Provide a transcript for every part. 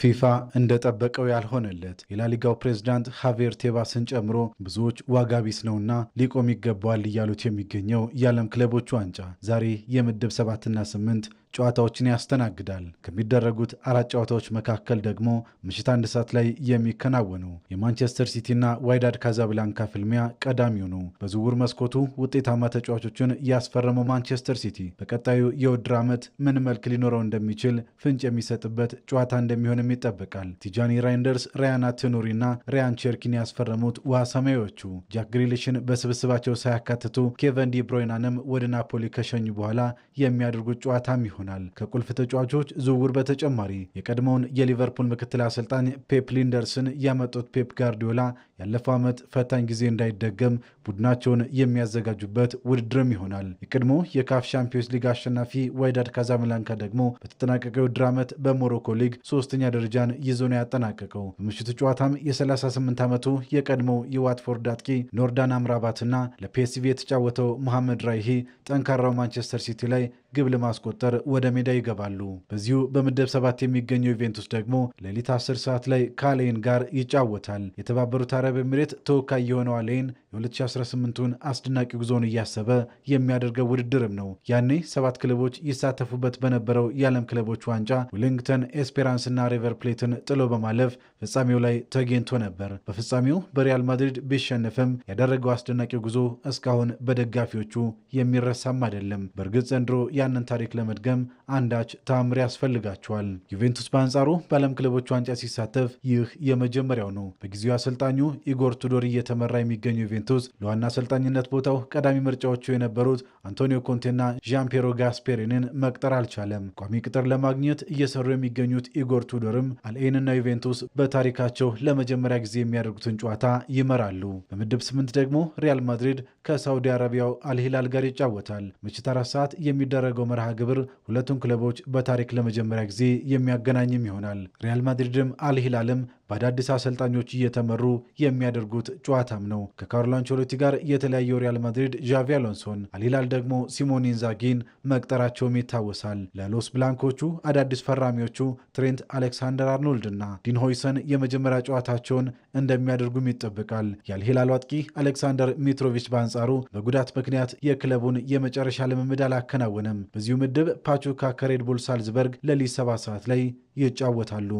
ፊፋ እንደጠበቀው ያልሆነለት የላሊጋው ፕሬዝዳንት ሃቬር ቴባስን ጨምሮ ብዙዎች ዋጋቢስ ነውና ሊቆም ይገባዋል እያሉት የሚገኘው የዓለም ክለቦች ዋንጫ ዛሬ የምድብ ሰባትና ስምንት ጨዋታዎችን ያስተናግዳል። ከሚደረጉት አራት ጨዋታዎች መካከል ደግሞ ምሽት አንድ ሰዓት ላይ የሚከናወኑ የማንቸስተር ሲቲና ዋይዳድ ካዛብላንካ ፍልሚያ ቀዳሚው ነው። በዝውውር መስኮቱ ውጤታማ ተጫዋቾችን ያስፈረመው ማንቸስተር ሲቲ በቀጣዩ የውድድር ዓመት ምን መልክ ሊኖረው እንደሚችል ፍንጭ የሚሰጥበት ጨዋታ እንደሚሆንም ይጠበቃል። ቲጃኒ ራይንደርስ፣ ራያን ትኑሪ እና ሪያን ቸርኪን ያስፈረሙት ውሃ ሰማዮቹ ጃክ ግሪሊሽን በስብስባቸው ሳያካትቱ ኬቨን ዲብሮይናንም ወደ ናፖሊ ከሸኙ በኋላ የሚያደርጉት ጨዋታም ይሆናል። ይሆናል። ከቁልፍ ተጫዋቾች ዝውውር በተጨማሪ የቀድሞውን የሊቨርፑል ምክትል አሰልጣኝ ፔፕ ሊንደርስን ያመጡት ፔፕ ጋርዲዮላ ያለፈው ዓመት ፈታኝ ጊዜ እንዳይደገም ቡድናቸውን የሚያዘጋጁበት ውድድርም ይሆናል። የቀድሞ የካፍ ሻምፒዮንስ ሊግ አሸናፊ ዋይዳድ ካዛብላንካ ደግሞ በተጠናቀቀው ውድድር ዓመት በሞሮኮ ሊግ ሶስተኛ ደረጃን ይዞ ነው ያጠናቀቀው። በምሽቱ ጨዋታም የ38 ዓመቱ የቀድሞው የዋትፎርድ አጥቂ ኖርዳን አምራባትና ለፒኤስቪ የተጫወተው መሐመድ ራይሂ ጠንካራው ማንቸስተር ሲቲ ላይ ግብ ለማስቆጠር ወደ ሜዳ ይገባሉ። በዚሁ በምድብ ሰባት የሚገኘው ዩቬንቱስ ደግሞ ሌሊት 10 ሰዓት ላይ ካሌን ጋር ይጫወታል። የተባበሩት አረብ ኤሚሬት ተወካይ የሆነው አሌን የ2018ቱን አስደናቂ ጉዞውን እያሰበ የሚያደርገው ውድድርም ነው። ያኔ ሰባት ክለቦች ይሳተፉበት በነበረው የዓለም ክለቦች ዋንጫ ዌሊንግተን ኤስፔራንስና ሪቨር ፕሌትን ጥሎ በማለፍ ፍጻሜው ላይ ተገኝቶ ነበር። በፍጻሜው በሪያል ማድሪድ ቢሸነፍም ያደረገው አስደናቂ ጉዞ እስካሁን በደጋፊዎቹ የሚረሳም አይደለም። በእርግጥ ዘንድሮ ያንን ታሪክ ለመድገም ለመድከም አንዳች ተአምር ያስፈልጋቸዋል። ዩቬንቱስ በአንጻሩ በዓለም ክለቦች ዋንጫ ሲሳተፍ ይህ የመጀመሪያው ነው። በጊዜው አሰልጣኙ ኢጎር ቱዶር እየተመራ የሚገኙ ዩቬንቱስ ለዋና አሰልጣኝነት ቦታው ቀዳሚ ምርጫዎቹ የነበሩት አንቶኒዮ ኮንቴና ዣን ፔሮ ጋስፔሪንን መቅጠር አልቻለም። ቋሚ ቅጥር ለማግኘት እየሰሩ የሚገኙት ኢጎር ቱዶርም አልኤንና ዩቬንቱስ በታሪካቸው ለመጀመሪያ ጊዜ የሚያደርጉትን ጨዋታ ይመራሉ። በምድብ ስምንት ደግሞ ሪያል ማድሪድ ከሳውዲ አረቢያው አልሂላል ጋር ይጫወታል። ምሽት አራት ሰዓት የሚደረገው መርሃ ግብር ሁለቱን ክለቦች በታሪክ ለመጀመሪያ ጊዜ የሚያገናኝም ይሆናል። ሪያል ማድሪድም አልሂላልም በአዳዲስ አሰልጣኞች እየተመሩ የሚያደርጉት ጨዋታም ነው። ከካርሎ አንቸሎቲ ጋር የተለያየው ሪያል ማድሪድ ዣቪ አሎንሶን፣ አልሂላል ደግሞ ሲሞኔ ኢንዛጊን መቅጠራቸውም ይታወሳል። ለሎስ ብላንኮቹ አዳዲስ ፈራሚዎቹ ትሬንት አሌክሳንደር አርኖልድና ዲን ሆይሰን የመጀመሪያ ጨዋታቸውን እንደሚያደርጉም ይጠበቃል። የአልሂላሉ አጥቂ አሌክሳንደር ሚትሮቪች በአንጻ በአንጻሩ በጉዳት ምክንያት የክለቡን የመጨረሻ ልምምድ አላከናወነም። በዚሁ ምድብ ፓቹካ ከሬድቡል ሳልዝበርግ ለሊት ሰባት ሰዓት ላይ ይጫወታሉ።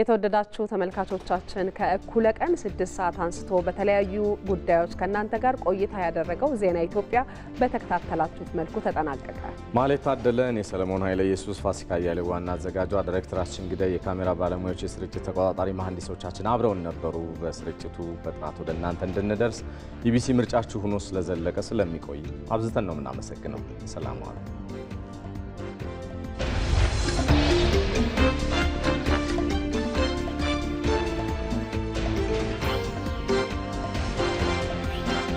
የተወደዳችሁ ተመልካቾቻችን ከእኩለ ቀን ስድስት ሰዓት አንስቶ በተለያዩ ጉዳዮች ከእናንተ ጋር ቆይታ ያደረገው ዜና ኢትዮጵያ በተከታተላችሁት መልኩ ተጠናቀቀ። ማለት ታደለ፣ እኔ ሰለሞን ኃይለ ኢየሱስ፣ ፋሲካ አያሌው ዋና አዘጋጇ፣ ዳይሬክተራችን እንግዳይ፣ የካሜራ ባለሙያዎች፣ የስርጭት ተቆጣጣሪ መሐንዲሶቻችን አብረውን ነበሩ። በስርጭቱ በጥራት ወደ እናንተ እንድንደርስ ኢቢሲ ምርጫችሁ ሆኖ ስለዘለቀ ስለሚቆይ አብዝተን ነው የምናመሰግነው። ሰላም ዋሉ።